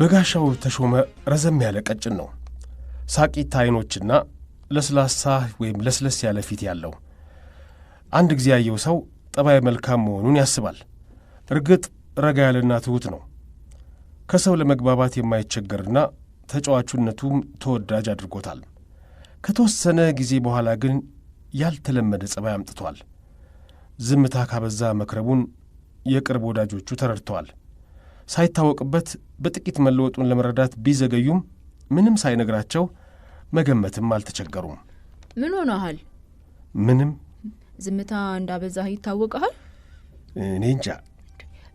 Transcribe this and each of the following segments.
በጋሻው ተሾመ ረዘም ያለ ቀጭን ነው። ሳቂታ አይኖችና ለስላሳ ወይም ለስለስ ያለ ፊት ያለው አንድ ጊዜ ያየው ሰው ጠባይ መልካም መሆኑን ያስባል። እርግጥ ረጋ ያለና ትሑት ነው። ከሰው ለመግባባት የማይቸገርና ተጫዋቹነቱም ተወዳጅ አድርጎታል። ከተወሰነ ጊዜ በኋላ ግን ያልተለመደ ጸባይ አምጥቷል። ዝምታ ካበዛ መክረቡን የቅርብ ወዳጆቹ ተረድተዋል። ሳይታወቅበት በጥቂት መለወጡን ለመረዳት ቢዘገዩም ምንም ሳይነግራቸው መገመትም አልተቸገሩም። ምን ሆነሃል? ምንም። ዝምታ እንዳበዛህ ይታወቀሃል? እኔ እንጃ።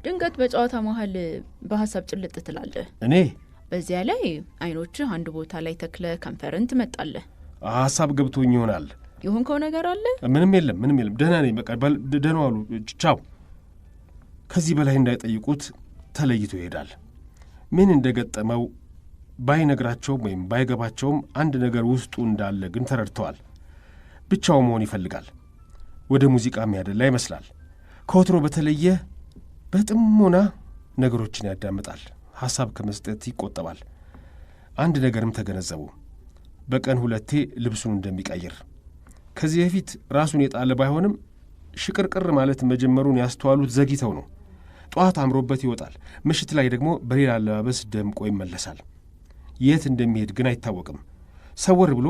ድንገት በጨዋታ መሀል በሀሳብ ጭልጥ ትላለህ። እኔ በዚያ ላይ አይኖችህ አንድ ቦታ ላይ ተክለ ከንፈርን ትመጣለህ። ሀሳብ ገብቶኝ ይሆናል። የሆንከው ነገር አለ? ምንም የለም፣ ምንም የለም። ደህና ነኝ። በቃ ደህና ዋሉ። ቻው። ከዚህ በላይ እንዳይጠይቁት ተለይቶ ይሄዳል። ምን እንደገጠመው ባይነግራቸውም ወይም ባይገባቸውም አንድ ነገር ውስጡ እንዳለ ግን ተረድተዋል። ብቻው መሆን ይፈልጋል። ወደ ሙዚቃ የሚያደላ ይመስላል። ከወትሮ በተለየ በጥሞና ነገሮችን ያዳምጣል። ሐሳብ ከመስጠት ይቆጠባል። አንድ ነገርም ተገነዘቡ። በቀን ሁለቴ ልብሱን እንደሚቀይር ከዚህ በፊት ራሱን የጣለ ባይሆንም ሽቅርቅር ማለት መጀመሩን ያስተዋሉት ዘግይተው ነው። ጠዋት አምሮበት ይወጣል፣ ምሽት ላይ ደግሞ በሌላ አለባበስ ደምቆ ይመለሳል። የት እንደሚሄድ ግን አይታወቅም። ሰወር ብሎ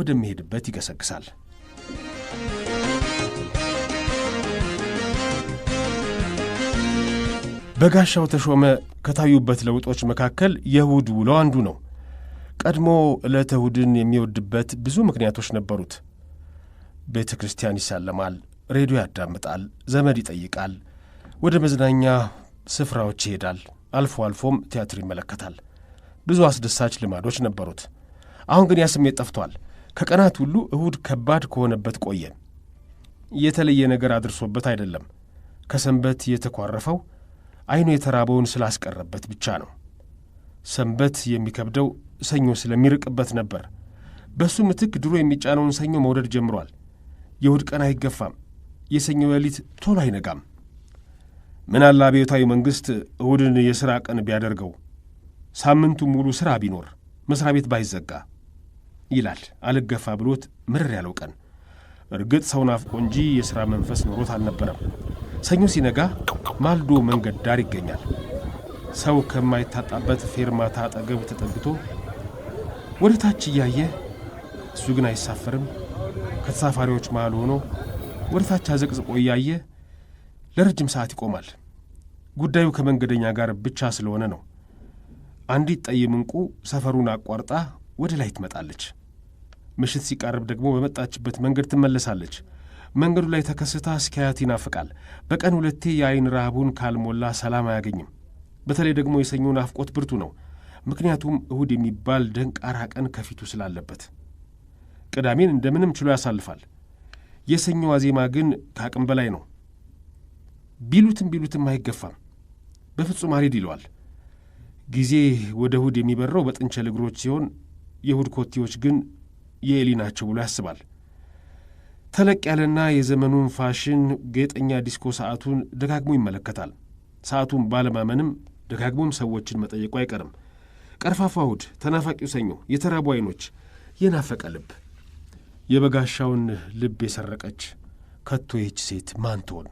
ወደሚሄድበት ይገሰግሳል። በጋሻው ተሾመ ከታዩበት ለውጦች መካከል የእሁድ ውሎ አንዱ ነው። ቀድሞ ዕለተ እሁድን የሚወድበት ብዙ ምክንያቶች ነበሩት። ቤተ ክርስቲያን ይሳለማል፣ ሬዲዮ ያዳምጣል፣ ዘመድ ይጠይቃል፣ ወደ መዝናኛ ስፍራዎች ይሄዳል። አልፎ አልፎም ቲያትር ይመለከታል። ብዙ አስደሳች ልማዶች ነበሩት። አሁን ግን ያ ስሜት ጠፍቷል። ከቀናት ሁሉ እሁድ ከባድ ከሆነበት ቆየ። የተለየ ነገር አድርሶበት አይደለም። ከሰንበት የተኳረፈው አይኑ የተራበውን ስላስቀረበት ብቻ ነው። ሰንበት የሚከብደው ሰኞ ስለሚርቅበት ነበር። በእሱ ምትክ ድሮ የሚጫነውን ሰኞ መውደድ ጀምሯል። የእሁድ ቀን አይገፋም። የሰኞ ሌሊት ቶሎ አይነጋም። አላ አብዮታዊ መንግሥት እሁድን የሥራ ቀን ቢያደርገው ሳምንቱ ሙሉ ሥራ ቢኖር መሥሪያ ቤት ባይዘጋ ይላል አልገፋ ብሎት ምርር ያለው ቀን። እርግጥ ሰው ናፍቆ እንጂ የሥራ መንፈስ ኖሮት አልነበረም። ሰኞ ሲነጋ ማልዶ መንገድ ዳር ይገኛል። ሰው ከማይታጣበት ፌርማታ አጠገብ ተጠግቶ ወደ ታች እያየ እሱ ግን አይሳፈርም። ከተሳፋሪዎች መሃል ሆኖ ወደ ታች አዘቅዝቆ እያየ ለረጅም ሰዓት ይቆማል። ጉዳዩ ከመንገደኛ ጋር ብቻ ስለሆነ ነው። አንዲት ጠይም እንቁ ሰፈሩን አቋርጣ ወደ ላይ ትመጣለች። ምሽት ሲቃርብ ደግሞ በመጣችበት መንገድ ትመለሳለች። መንገዱ ላይ ተከስታ እስኪያያት ይናፍቃል። በቀን ሁለቴ የአይን ረሃቡን ካልሞላ ሰላም አያገኝም። በተለይ ደግሞ የሰኞ ናፍቆት ብርቱ ነው። ምክንያቱም እሁድ የሚባል ደንቃራ ቀን ከፊቱ ስላለበት ቅዳሜን እንደምንም ችሎ ያሳልፋል። የሰኞ ዋዜማ ግን ከአቅም በላይ ነው። ቢሉትም ቢሉትም አይገፋም። በፍጹም አሪድ ይለዋል። ጊዜ ወደ እሁድ የሚበረው በጥንቸል እግሮች ሲሆን የእሁድ ኮቴዎች ግን የኤሊ ናቸው ብሎ ያስባል። ተለቅ ያለና የዘመኑን ፋሽን ጌጠኛ ዲስኮ ሰዓቱን ደጋግሞ ይመለከታል። ሰዓቱን ባለማመንም ደጋግሞም ሰዎችን መጠየቁ አይቀርም። ቀርፋፋ እሁድ፣ ተናፋቂው ሰኞ፣ የተራቡ አይኖች፣ የናፈቀ ልብ፣ የበጋሻውን ልብ የሰረቀች ከቶ ይች ሴት ማን ትሆን?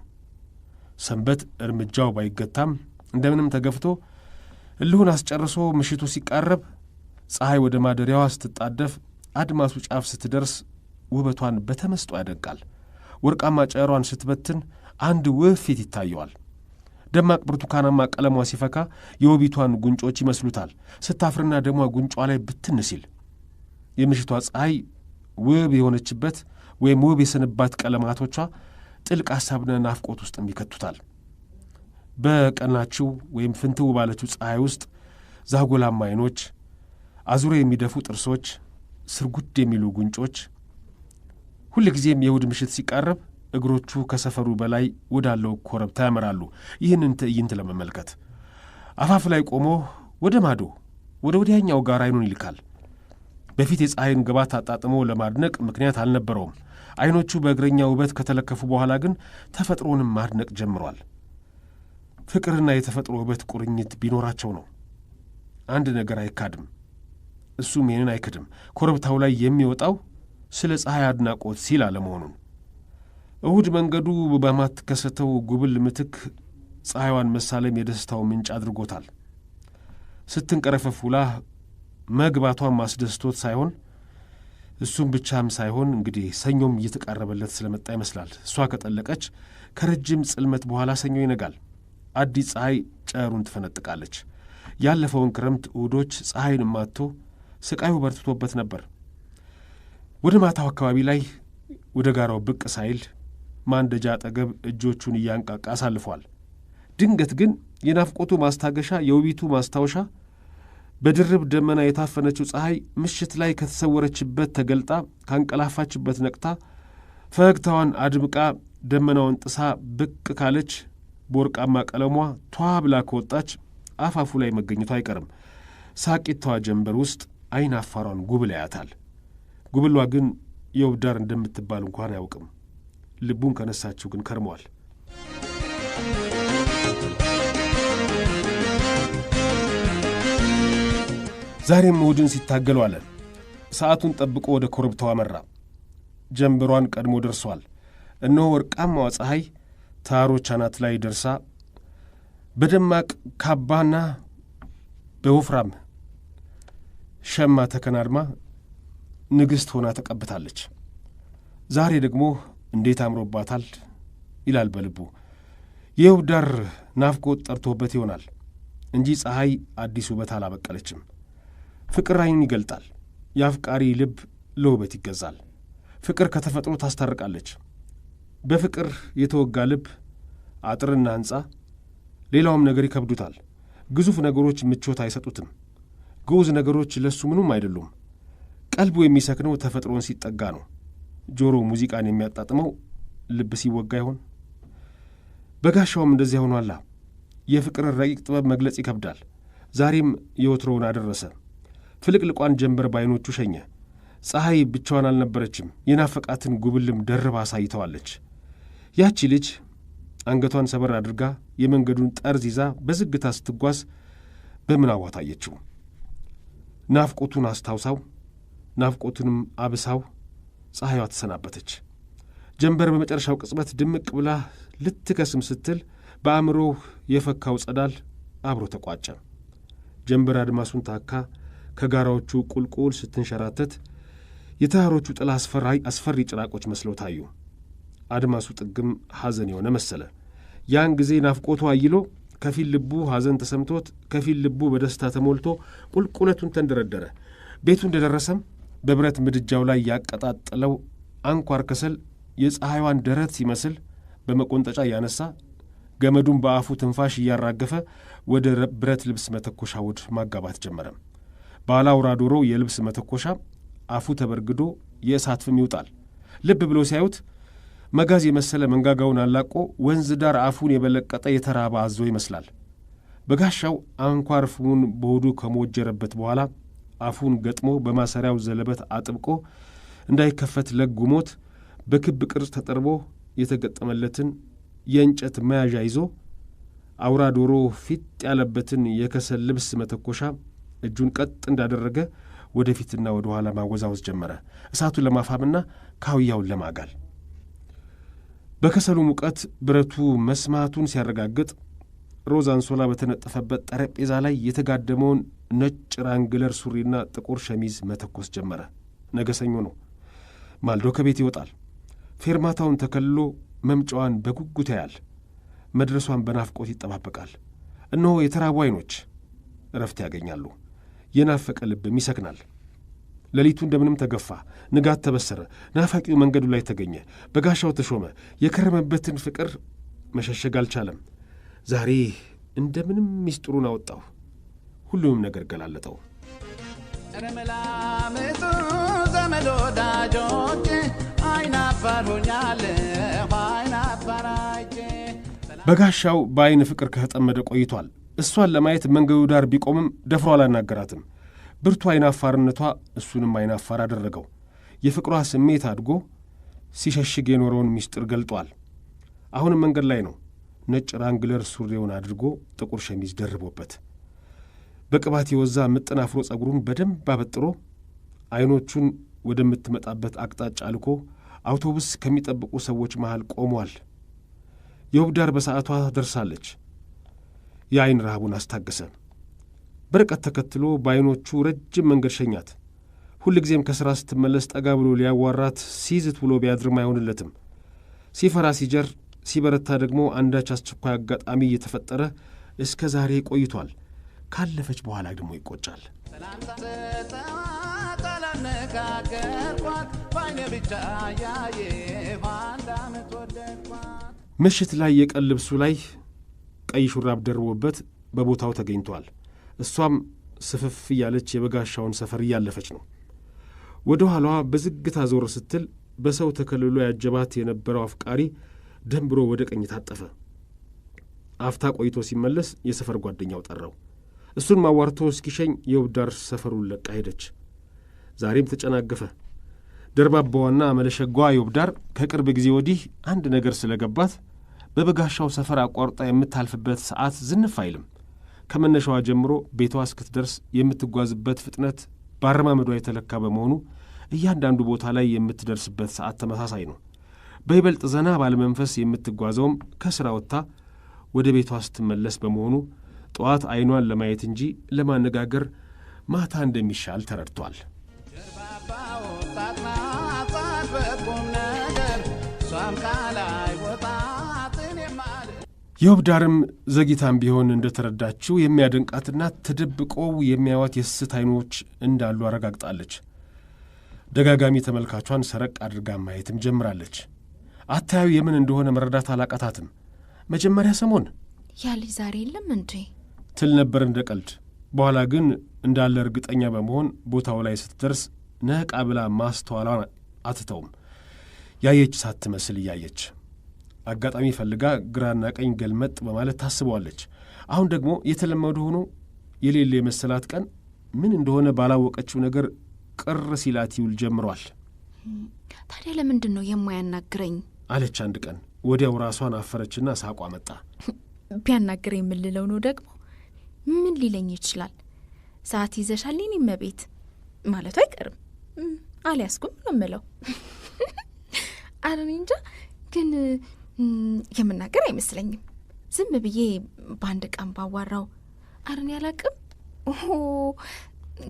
ሰንበት እርምጃው ባይገታም እንደምንም ተገፍቶ እልሁን አስጨርሶ ምሽቱ ሲቃረብ ፀሐይ ወደ ማደሪያዋ ስትጣደፍ አድማሱ ጫፍ ስትደርስ ውበቷን በተመስጦ ያደንቃል። ወርቃማ ጨሯን ስትበትን አንድ ውብ ፊት ይታየዋል። ደማቅ ብርቱካናማ ቀለሟ ሲፈካ የውቢቷን ጉንጮች ይመስሉታል። ስታፍርና ደሟ ጉንጯ ላይ ብትን ሲል የምሽቷ ፀሐይ ውብ የሆነችበት ወይም ውብ የሰንባት ቀለማቶቿ ጥልቅ ሐሳብና ናፍቆት ውስጥም ይከቱታል። በቀናችው ወይም ፍንትው ባለችው ፀሐይ ውስጥ ዛጎላማ አይኖች አዙሮ የሚደፉ ጥርሶች፣ ስርጉድ የሚሉ ጉንጮች፣ ሁልጊዜም የእሁድ ምሽት ሲቃረብ እግሮቹ ከሰፈሩ በላይ ወዳለው ኮረብታ ያመራሉ። ይህንን ትዕይንት ለመመልከት አፋፍ ላይ ቆሞ ወደ ማዶ ወደ ወዲያኛው ጋር አይኑን ይልካል። በፊት የፀሐይን ግባት አጣጥሞ ለማድነቅ ምክንያት አልነበረውም። አይኖቹ በእግረኛ ውበት ከተለከፉ በኋላ ግን ተፈጥሮንም ማድነቅ ጀምሯል። ፍቅርና የተፈጥሮ ውበት ቁርኝት ቢኖራቸው ነው። አንድ ነገር አይካድም፣ እሱም ይህንን አይክድም። ኮረብታው ላይ የሚወጣው ስለ ፀሐይ አድናቆት ሲል አለመሆኑን እሁድ መንገዱ በማትከሰተው ጉብል ምትክ ፀሐይዋን መሳለም የደስታው ምንጭ አድርጎታል። ስትንቀረፈፍ ውላ መግባቷን ማስደስቶት ሳይሆን እሱም ብቻም ሳይሆን እንግዲህ ሰኞም እየተቃረበለት ስለመጣ ይመስላል። እሷ ከጠለቀች ከረጅም ጽልመት በኋላ ሰኞ ይነጋል። አዲስ ፀሐይ ጨሩን ትፈነጥቃለች። ያለፈውን ክረምት እሁዶች ፀሐይን ማቶ ስቃዩ በርትቶበት ነበር። ወደ ማታው አካባቢ ላይ ወደ ጋራው ብቅ ሳይል ማንደጃ አጠገብ እጆቹን እያንቃቃ አሳልፏል። ድንገት ግን የናፍቆቱ ማስታገሻ የውቢቱ ማስታወሻ በድርብ ደመና የታፈነችው ፀሐይ ምሽት ላይ ከተሰወረችበት ተገልጣ ካንቀላፋችበት ነቅታ ፈገግታዋን አድምቃ ደመናውን ጥሳ ብቅ ካለች በወርቃማ ቀለሟ ቷ ብላ ከወጣች አፋፉ ላይ መገኘቱ አይቀርም። ሳቂታዋ ጀንበር ውስጥ አይን አፋሯን ጉብል ያያታል። ጉብሏ ግን የውብ ዳር እንደምትባል እንኳን አያውቅም። ልቡን ከነሳችው ግን ከርመዋል። ዛሬም እሁድን ሲታገሉ አለን። ሰዓቱን ጠብቆ ወደ ኮረብታው አመራ። ጀንበሯን ቀድሞ ደርሷል። እነሆ ወርቃማዋ ፀሐይ ተራሮች አናት ላይ ደርሳ በደማቅ ካባና በወፍራም ሸማ ተከናድማ ንግሥት ሆና ተቀብታለች። ዛሬ ደግሞ እንዴት አምሮባታል ይላል በልቡ። የውብ ዳር ናፍቆት ጠርቶበት ይሆናል እንጂ ፀሐይ አዲስ ውበት አላበቀለችም። ፍቅር ዓይንን ይገልጣል። የአፍቃሪ ልብ ለውበት ይገዛል። ፍቅር ከተፈጥሮ ታስታርቃለች። በፍቅር የተወጋ ልብ አጥርና ሕንፃ ሌላውም ነገር ይከብዱታል። ግዙፍ ነገሮች ምቾት አይሰጡትም። ግዑዝ ነገሮች ለሱ ምኑም አይደሉም። ቀልቡ የሚሰክነው ተፈጥሮን ሲጠጋ ነው። ጆሮ ሙዚቃን የሚያጣጥመው ልብ ሲወጋ ይሆን? በጋሻውም እንደዚያ ሆኗላ። የፍቅርን ረቂቅ ጥበብ መግለጽ ይከብዳል። ዛሬም የወትሮውን አደረሰ። ፍልቅልቋን ጀንበር በዐይኖቹ ሸኘ። ፀሐይ ብቻዋን አልነበረችም። የናፈቃትን ጉብልም ደርባ አሳይተዋለች። ያቺ ልጅ አንገቷን ሰበር አድርጋ የመንገዱን ጠርዝ ይዛ በዝግታ ስትጓዝ በምናቧ ታየችው። ናፍቆቱን አስታውሳው፣ ናፍቆቱንም አብሳው ፀሐይዋ ተሰናበተች። ጀንበር በመጨረሻው ቅጽበት ድምቅ ብላ ልትከስም ስትል በአእምሮህ የፈካው ጸዳል አብሮ ተቋጨ። ጀንበር አድማሱን ታካ። ከጋራዎቹ ቁልቁል ስትንሸራተት የተራሮቹ ጥላ አስፈራይ አስፈሪ ጭራቆች መስለው ታዩ። አድማሱ ጥግም ሐዘን የሆነ መሰለ። ያን ጊዜ ናፍቆቱ አይሎ ከፊል ልቡ ሐዘን ተሰምቶት ከፊል ልቡ በደስታ ተሞልቶ ቁልቁለቱን ተንደረደረ። ቤቱ እንደደረሰም በብረት ምድጃው ላይ ያቀጣጠለው አንኳር ከሰል የፀሐይዋን ደረት ሲመስል በመቆንጠጫ እያነሳ ገመዱን በአፉ ትንፋሽ እያራገፈ ወደ ብረት ልብስ መተኮሻ አውድ ማጋባት ጀመረም። ባላውራ ዶሮ የልብስ መተኮሻ አፉ ተበርግዶ የእሳት ፍም ይውጣል። ልብ ብሎ ሲያዩት መጋዝ የመሰለ መንጋጋውን አላቆ ወንዝ ዳር አፉን የበለቀጠ የተራበ አዞ ይመስላል። በጋሻው አንኳር ፍሙን በሆዱ ከመወጀረበት በኋላ አፉን ገጥሞ በማሰሪያው ዘለበት አጥብቆ እንዳይከፈት ለጉሞት በክብ ቅርጽ ተጠርቦ የተገጠመለትን የእንጨት መያዣ ይዞ አውራ ዶሮ ፊት ያለበትን የከሰል ልብስ መተኮሻ እጁን ቀጥ እንዳደረገ ወደፊትና ወደ ኋላ ማወዛወዝ ጀመረ፣ እሳቱን ለማፋምና ካውያውን ለማጋል። በከሰሉ ሙቀት ብረቱ መስማቱን ሲያረጋግጥ ሮዝ አንሶላ በተነጠፈበት ጠረጴዛ ላይ የተጋደመውን ነጭ ራንግለር ሱሪና ጥቁር ሸሚዝ መተኮስ ጀመረ። ነገ ሰኞ ነው። ማልዶ ከቤት ይወጣል። ፌርማታውን ተከልሎ መምጫዋን በጉጉት ያያል። መድረሷን በናፍቆት ይጠባበቃል። እነሆ የተራቡ አይኖች እረፍት ያገኛሉ። የናፈቀ ልብም ይሰክናል። ሌሊቱ እንደምንም ተገፋ፣ ንጋት ተበሰረ፣ ናፋቂው መንገዱ ላይ ተገኘ። በጋሻው ተሾመ የከረመበትን ፍቅር መሸሸግ አልቻለም። ዛሬ እንደምንም ሚስጥሩን አወጣው፣ ሁሉም ነገር ገላለጠው። ረመላምጡ ወዳጆች በጋሻው በአይን ፍቅር ከተጠመደ ቆይቷል። እሷን ለማየት መንገዱ ዳር ቢቆምም ደፍሮ አላናገራትም። ብርቱ አይናፋርነቷ እሱንም አይናፋር አደረገው። የፍቅሯ ስሜት አድጎ ሲሸሽግ የኖረውን ምስጢር ገልጧል። አሁንም መንገድ ላይ ነው። ነጭ ራንግለር ሱሪውን አድርጎ ጥቁር ሸሚዝ ደርቦበት በቅባት የወዛ ምጥን አፍሮ ጸጉሩን በደንብ አበጥሮ አይኖቹን ወደምትመጣበት አቅጣጫ አልኮ አውቶቡስ ከሚጠብቁ ሰዎች መሃል ቆሟል። የውብዳር በሰዓቷ ደርሳለች። የአይን ረሃቡን አስታገሰ። በርቀት ተከትሎ በዐይኖቹ ረጅም መንገድ ሸኛት። ሁልጊዜም ከሥራ ስትመለስ ጠጋ ብሎ ሊያዋራት ሲዝት ብሎ ቢያድርም አይሆንለትም። ሲፈራ ሲጀር፣ ሲበረታ ደግሞ አንዳች አስቸኳይ አጋጣሚ እየተፈጠረ እስከ ዛሬ ቆይቷል። ካለፈች በኋላ ደግሞ ይቆጫል። ምሽት ላይ የቀን ልብሱ ላይ ቀይ ሹራብ ደርቦበት በቦታው ተገኝቷል። እሷም ስፍፍ እያለች የበጋሻውን ሰፈር እያለፈች ነው። ወደ ኋላዋ በዝግታ ዞር ስትል በሰው ተከልሎ ያጀባት የነበረው አፍቃሪ ደንብሮ ወደ ቀኝ ታጠፈ። አፍታ ቆይቶ ሲመለስ የሰፈር ጓደኛው ጠራው። እሱን ማዋርቶ እስኪሸኝ የውዳር ሰፈሩን ለቃ ሄደች። ዛሬም ተጨናገፈ። ደርባባዋና መለሸጓ የውብዳር ከቅርብ ጊዜ ወዲህ አንድ ነገር ስለገባት በበጋሻው ሰፈር አቋርጣ የምታልፍበት ሰዓት ዝንፍ አይልም። ከመነሻዋ ጀምሮ ቤቷ እስክትደርስ የምትጓዝበት ፍጥነት በአረማመዷ የተለካ በመሆኑ እያንዳንዱ ቦታ ላይ የምትደርስበት ሰዓት ተመሳሳይ ነው። በይበልጥ ዘና ባለመንፈስ የምትጓዘውም ከሥራ ወጥታ ወደ ቤቷ ስትመለስ በመሆኑ ጠዋት ዐይኗን ለማየት እንጂ ለማነጋገር ማታ እንደሚሻል ተረድቷል። የውብ ዳርም ዘግይታም ቢሆን እንደተረዳችው የሚያደንቃትና ተደብቀው የሚያዩት የስስት አይኖች እንዳሉ አረጋግጣለች። ደጋጋሚ ተመልካቿን ሰረቅ አድርጋ ማየትም ጀምራለች። አታዩ የምን እንደሆነ መረዳት አላቃታትም። መጀመሪያ ሰሞን ያ ልጅ ዛሬ የለም እንዴ ትል ነበር እንደ ቀልድ። በኋላ ግን እንዳለ እርግጠኛ በመሆን ቦታው ላይ ስትደርስ ነቃ ብላ ማስተዋሏን አትተውም። ያየች ሳትመስል እያየች አጋጣሚ ፈልጋ ግራና ቀኝ ገልመጥ በማለት ታስበዋለች። አሁን ደግሞ የተለመደ ሆኖ የሌለ የመሰላት ቀን ምን እንደሆነ ባላወቀችው ነገር ቅር ሲላት ይውል ጀምሯል። ታዲያ ለምንድን ነው የማያናግረኝ? አለች አንድ ቀን። ወዲያው ራሷን አፈረችና ሳቋ መጣ። ቢያናግር የምልለው ነው ደግሞ ምን ሊለኝ ይችላል? ሰዓት ይዘሻል እኔም ማለቱ አይቀርም። አልያዝኩም ነው የምለው። አረ እኔ እንጃ ግን የምናገር አይመስለኝም። ዝም ብዬ በአንድ ቀን ባዋራው አርን ያላቅም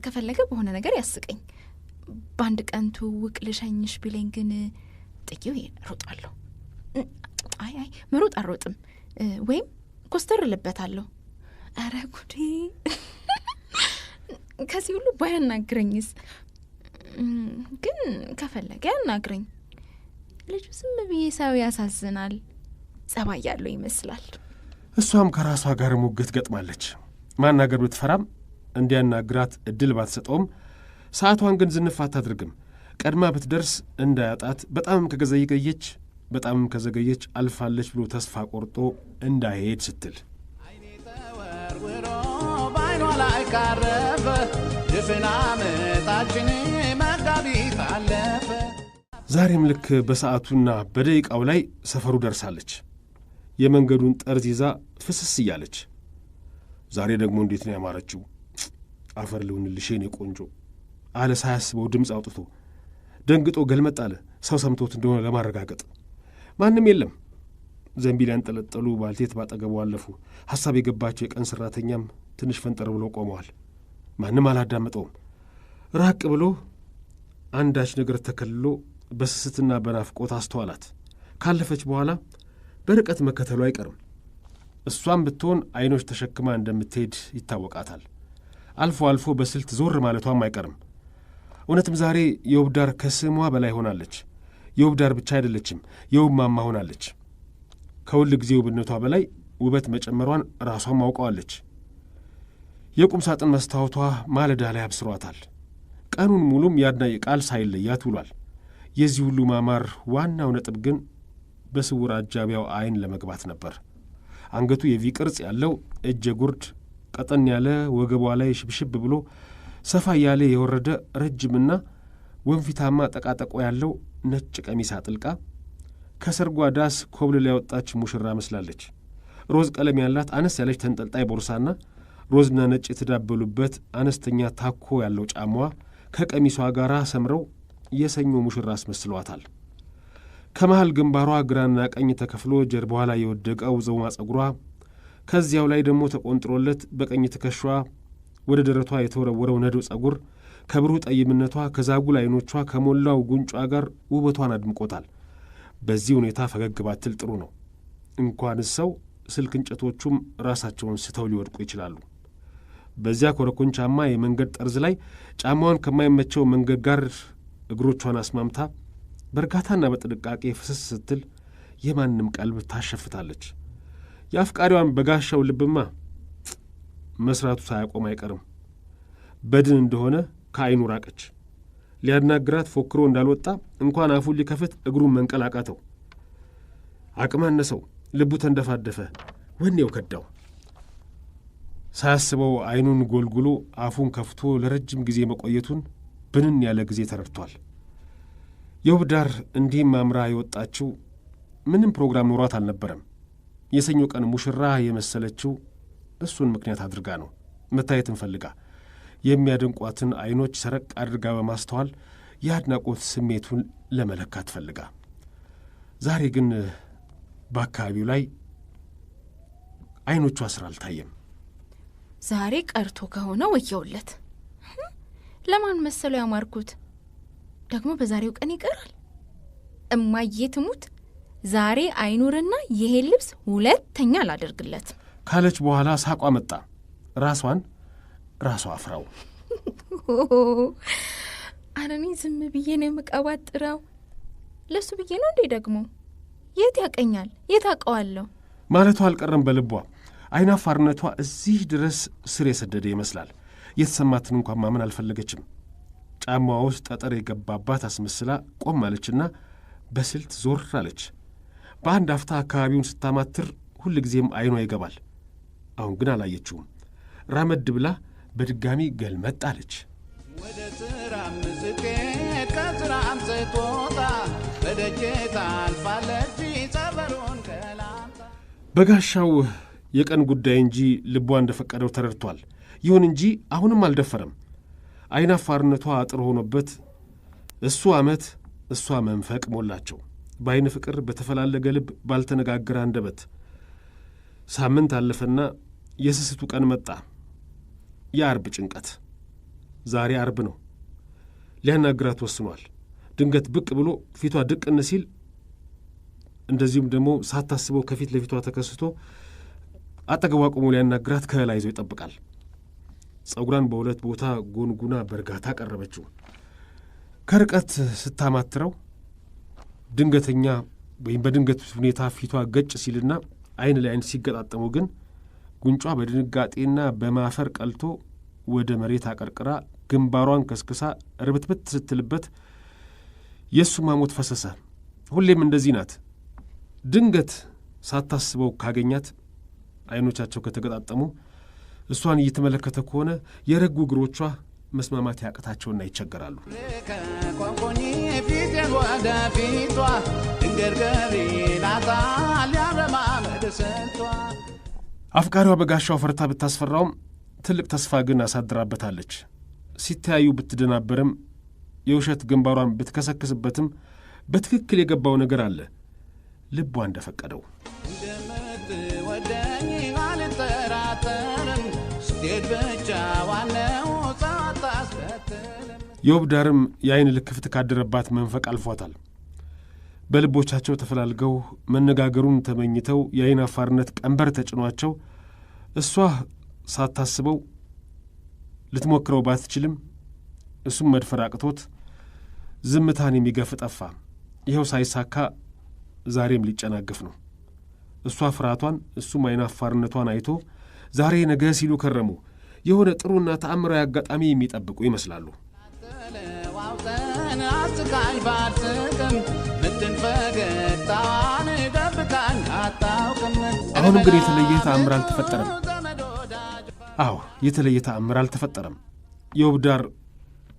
ከፈለገ በሆነ ነገር ያስቀኝ። በአንድ ቀን ትውውቅ ልሸኝሽ ቢለኝ ግን ጥዬው እሮጣለሁ። አይ አይ መሮጥ አልሮጥም፣ ወይም ኮስተር ልበታለሁ። አረ ጉዴ! ከዚህ ሁሉ ባያናግረኝስ? ግን ከፈለገ ያናግረኝ። ልጁ ዝም ብዬ ሰው ያሳዝናል፣ ጸባይ ያለው ይመስላል። እሷም ከራሷ ጋር ሙግት ገጥማለች። ማናገር ብትፈራም እንዲያናግራት እድል ባትሰጠውም ሰዓቷን ግን ዝንፍ አታድርግም። ቀድማ ብትደርስ እንዳያጣት በጣምም ከዘገየች በጣምም ከዘገየች አልፋለች ብሎ ተስፋ ቆርጦ እንዳይሄድ ስትል አይኔ ላይ ድፍን ዛሬም ልክ በሰዓቱና በደቂቃው ላይ ሰፈሩ ደርሳለች። የመንገዱን ጠርዝ ይዛ ፍስስ እያለች ዛሬ ደግሞ እንዴት ነው ያማረችው! አፈር ልሁንልሽ የኔ ቆንጆ አለ ሳያስበው ድምፅ አውጥቶ ደንግጦ ገልመጥ አለ። ሰው ሰምቶት እንደሆነ ለማረጋገጥ ማንም የለም። ዘንቢል ያንጠለጠሉ ባልቴት ባጠገቡ አለፉ። ሐሳብ የገባቸው የቀን ሠራተኛም ትንሽ ፈንጠር ብሎ ቆመዋል። ማንም አላዳመጠውም። ራቅ ብሎ አንዳች ነገር ተከልሎ በስስትና በናፍቆት አስተዋላት። ካለፈች በኋላ በርቀት መከተሉ አይቀርም። እሷም ብትሆን አይኖች ተሸክማ እንደምትሄድ ይታወቃታል። አልፎ አልፎ በስልት ዞር ማለቷም አይቀርም። እውነትም ዛሬ የውብዳር ከስሟ በላይ ሆናለች። የውብዳር ብቻ አይደለችም፣ የውብ ማማ ሆናለች። ከሁል ጊዜ ውብነቷ በላይ ውበት መጨመሯን ራሷም አውቀዋለች። የቁም ሳጥን መስታወቷ ማለዳ ላይ አብስሯታል። ቀኑን ሙሉም ያድና ቃል ሳይለያት ውሏል። የዚህ ሁሉ ማማር ዋናው ነጥብ ግን በስውር አጃቢያው አይን ለመግባት ነበር። አንገቱ የቪ ቅርጽ ያለው እጀ ጉርድ ቀጠን ያለ፣ ወገቧ ላይ ሽብሽብ ብሎ ሰፋ እያለ የወረደ ረጅምና ወንፊታማ ጠቃጠቆ ያለው ነጭ ቀሚስ አጥልቃ ከሰርጓ ዳስ ላይ ያወጣች ሙሽራ መስላለች። ሮዝ ቀለም ያላት አነስ ያለች ተንጠልጣይ ቦርሳና ሮዝና ነጭ የተዳበሉበት አነስተኛ ታኮ ያለው ጫማዋ ከቀሚሷ ጋር ሰምረው የሰኞ ሙሽራ አስመስሏታል። ከመሃል ግንባሯ ግራና ቀኝ ተከፍሎ ጀርባዋ ላይ የወደቀው ዘውማ ጸጉሯ ከዚያው ላይ ደግሞ ተቆንጥሮለት በቀኝ ትከሿ ወደ ደረቷ የተወረወረው ነዶ ጸጉር ከብሩህ ጠይምነቷ ከዛጉል አይኖቿ ከሞላው ጉንጯ ጋር ውበቷን አድምቆታል። በዚህ ሁኔታ ፈገግ ባትል ጥሩ ነው። እንኳን ሰው ስልክ እንጨቶቹም ራሳቸውን ስተው ሊወድቁ ይችላሉ። በዚያ ኮረኮንቻማ የመንገድ ጠርዝ ላይ ጫማዋን ከማይመቸው መንገድ ጋር እግሮቿን አስማምታ በእርጋታና በጥንቃቄ ፍስስ ስትል የማንም ቀልብ ታሸፍታለች። የአፍቃሪዋን በጋሻው ልብማ መስራቱ ሳያቆም አይቀርም። በድን እንደሆነ ከአይኑ ራቀች። ሊያናግራት ፎክሮ እንዳልወጣ እንኳን አፉን ሊከፍት እግሩን መንቀል አቃተው። አቅም አነሰው። ልቡ ተንደፋደፈ። ወኔው ከዳው። ሳያስበው አይኑን ጎልጉሎ አፉን ከፍቶ ለረጅም ጊዜ መቆየቱን ብንን ያለ ጊዜ ተረድቷል። የውብ ዳር እንዲህም አምራ የወጣችው ምንም ፕሮግራም ኖሯት አልነበረም። የሰኞ ቀን ሙሽራ የመሰለችው እሱን ምክንያት አድርጋ ነው። መታየትን ፈልጋ የሚያደንቋትን አይኖች ሰረቅ አድርጋ በማስተዋል የአድናቆት ስሜቱን ለመለካት ፈልጋ ዛሬ ግን በአካባቢው ላይ አይኖቿ ስራ አልታየም። ዛሬ ቀርቶ ከሆነ ወየውለት። ለማን መሰለው ያማርኩት? ደግሞ በዛሬው ቀን ይቀራል። እማዬ ትሙት ዛሬ አይኑርና ይሄን ልብስ ሁለተኛ አላደርግለት ካለች በኋላ ሳቋ መጣ። ራሷን ራሷ አፍራው። ኧረ ዝም ብዬ ነው የምቀባጥረው። ለሱ ብዬ ነው እንዴ? ደግሞ የት ያቀኛል? የት አውቀዋለሁ ማለቷ አልቀረም በልቧ። አይናፋርነቷ እዚህ ድረስ ስር የሰደደ ይመስላል። የተሰማትን እንኳ ማመን አልፈለገችም። ጫማዋ ውስጥ ጠጠር የገባባት አስመስላ ቆም አለችና በስልት ዞር አለች። በአንድ አፍታ አካባቢውን ስታማትር ሁልጊዜም አይኗ ይገባል። አሁን ግን አላየችውም። ራመድ ብላ በድጋሚ ገልመጥ አለች። ወደ ስራም ከስራም ስትወጣ ከላምታ በጋሻው የቀን ጉዳይ እንጂ ልቧ እንደፈቀደው ተረድቷል። ይሁን እንጂ አሁንም አልደፈረም። አይናፋርነቷ አጥር ሆኖበት እሱ ዓመት እሷ መንፈቅ ሞላቸው። በዐይን ፍቅር በተፈላለገ ልብ ባልተነጋገረ አንደበት ሳምንት አለፈና የስስቱ ቀን መጣ። የአርብ ጭንቀት። ዛሬ አርብ ነው። ሊያናግራት ወስኗል። ድንገት ብቅ ብሎ ፊቷ ድቅን ሲል እንደዚሁም ደግሞ ሳታስበው ከፊት ለፊቷ ተከስቶ አጠገቧ ቆሞ ሊያናግራት ከላይ ይዞ ይጠብቃል። ፀጉሯን በሁለት ቦታ ጎንጉና በእርጋታ ቀረበችው። ከርቀት ስታማትረው ድንገተኛ ወይም በድንገት ሁኔታ ፊቷ ገጭ ሲልና አይን ለአይን ሲገጣጠሙ ግን ጉንጯ በድንጋጤና በማፈር ቀልቶ ወደ መሬት አቀርቅራ ግንባሯን ከስክሳ ርብትብት ስትልበት የእሱ ማሞት ፈሰሰ። ሁሌም እንደዚህ ናት። ድንገት ሳታስበው ካገኛት አይኖቻቸው ከተገጣጠሙ እሷን እየተመለከተ ከሆነ የረጉ እግሮቿ መስማማት ያቅታቸውና ይቸገራሉ። አፍቃሪዋ በጋሻው ፈርታ ብታስፈራውም ትልቅ ተስፋ ግን አሳድራበታለች። ሲተያዩ ብትደናበርም የውሸት ግንባሯን ብትከሰክስበትም በትክክል የገባው ነገር አለ። ልቧ እንደፈቀደው እንደምትወደኝ አልጠራጠር እቅድ ብቻ ዋናው የውብ ዳርም የአይን ልክፍት ካደረባት መንፈቅ አልፏታል። በልቦቻቸው ተፈላልገው መነጋገሩን ተመኝተው የአይን አፋርነት ቀንበር ተጭኗቸው እሷ ሳታስበው ልትሞክረው ባትችልም እሱም መድፈር አቅቶት ዝምታን የሚገፍ ጠፋ። ይኸው ሳይሳካ ዛሬም ሊጨናገፍ ነው። እሷ ፍርሃቷን፣ እሱም አይን አፋርነቷን አይቶ ዛሬ ነገ ሲሉ ከረሙ። የሆነ ጥሩና ተአምራዊ አጋጣሚ የሚጠብቁ ይመስላሉ። አሁንም ግን የተለየ ተአምር አልተፈጠረም። አዎ የተለየ ተአምር አልተፈጠረም። የውብዳር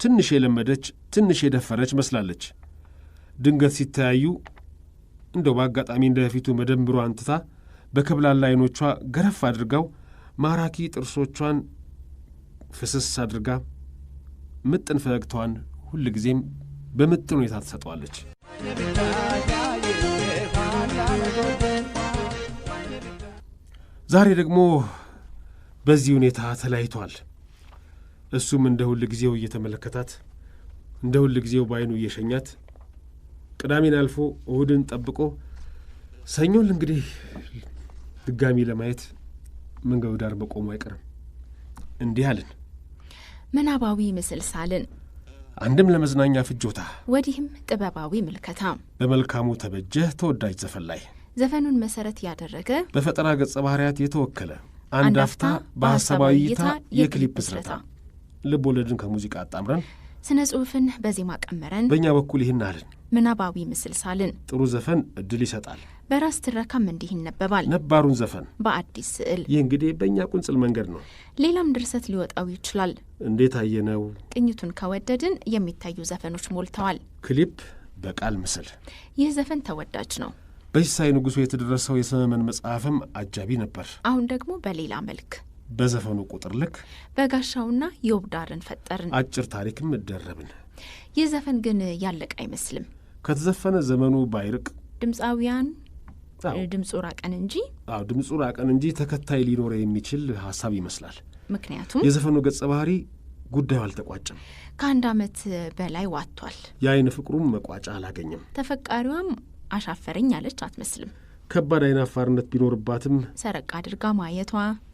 ትንሽ የለመደች ትንሽ የደፈረች መስላለች። ድንገት ሲተያዩ እንደው በአጋጣሚ እንደፊቱ መደንብሯን ትታ በከብላላ አይኖቿ ገረፍ አድርጋው ማራኪ ጥርሶቿን ፍስስ አድርጋ ምጥን ፈገግታዋን ሁል ጊዜም በምጥን ሁኔታ ትሰጠዋለች። ዛሬ ደግሞ በዚህ ሁኔታ ተለያይቷል። እሱም እንደ ሁል ጊዜው እየተመለከታት እንደ ሁል ጊዜው በአይኑ እየሸኛት ቅዳሜን አልፎ እሁድን ጠብቆ ሰኞን እንግዲህ ድጋሚ ለማየት መንገዱ ዳር በቆሙ አይቀርም። እንዲህ አልን። ምናባዊ ምስል ሳልን። አንድም ለመዝናኛ ፍጆታ፣ ወዲህም ጥበባዊ ምልከታ። በመልካሙ ተበጀህ ተወዳጅ ዘፈን ላይ ዘፈኑን መሰረት ያደረገ በፈጠራ ገጸ ባህርያት የተወከለ አንድ አፍታ በሐሳባዊ እይታ የክሊፕ ስረታ ልብ ወለድን ከሙዚቃ አጣምረን ስነ ጽሑፍን በዜማ ቀመረን። በእኛ በኩል ይህን አልን። ምናባዊ ምስል ሳልን። ጥሩ ዘፈን እድል ይሰጣል። በራስ ትረካም እንዲህ ይነበባል። ነባሩን ዘፈን በአዲስ ስዕል። ይህ እንግዲህ በእኛ ቁንጽል መንገድ ነው። ሌላም ድርሰት ሊወጣው ይችላል። እንዴት አየነው ቅኝቱን ከወደድን የሚታዩ ዘፈኖች ሞልተዋል። ክሊፕ በቃል ምስል። ይህ ዘፈን ተወዳጅ ነው። በሲሳይ ንጉሡ የተደረሰው የሰመመን መጽሐፍም አጃቢ ነበር። አሁን ደግሞ በሌላ መልክ በዘፈኑ ቁጥር ልክ በጋሻውና የውብዳርን ፈጠርን። አጭር ታሪክም እደረብን። ይህ ዘፈን ግን ያለቀ አይመስልም። ከተዘፈነ ዘመኑ ባይርቅ ድምፃውያን ድምፁ ራቀን እንጂ አዎ ድምፁ ራቀን እንጂ ተከታይ ሊኖረ የሚችል ሀሳብ ይመስላል። ምክንያቱም የዘፈኑ ገጸ ባህሪ ጉዳዩ አልተቋጨም። ከአንድ አመት በላይ ዋጥቷል። የአይን ፍቅሩም መቋጫ አላገኘም። ተፈቃሪዋም አሻፈረኝ አለች አትመስልም። ከባድ አይን አፋርነት ቢኖርባትም ሰረቅ አድርጋ ማየቷ፣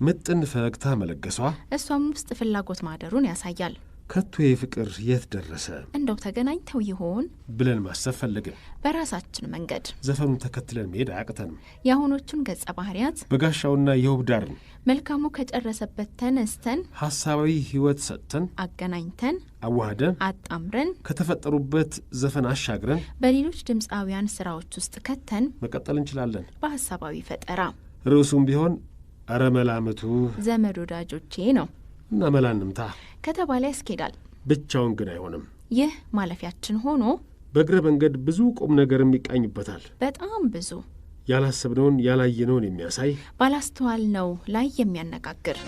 ምጥን ፈገግታ መለገሷ እሷም ውስጥ ፍላጎት ማደሩን ያሳያል። ከቶ የፍቅር የት ደረሰ? እንደው ተገናኝተው ይሆን ብለን ማሰብ ፈለግን። በራሳችን መንገድ ዘፈኑን ተከትለን መሄድ አያቅተንም። የአሁኖቹን ገጸ ባህርያት በጋሻውና ዳርን መልካሙ ከጨረሰበት ተነስተን ሀሳባዊ ህይወት ሰጥተን አገናኝተን አዋህደን አጣምረን ከተፈጠሩበት ዘፈን አሻግረን በሌሎች ድምፃውያን ስራዎች ውስጥ ከተን መቀጠል እንችላለን። በሀሳባዊ ፈጠራ ርዕሱም ቢሆን አረ መላምቱ ዘመድ ወዳጆቼ ነው እና መላንምታ ከተባለ ያስኬዳል። ብቻውን ግን አይሆንም። ይህ ማለፊያችን ሆኖ በእግረ መንገድ ብዙ ቁም ነገርም ይቃኝበታል። በጣም ብዙ ያላሰብነውን ያላየነውን የሚያሳይ ባላስተዋልነው ላይ የሚያነጋግር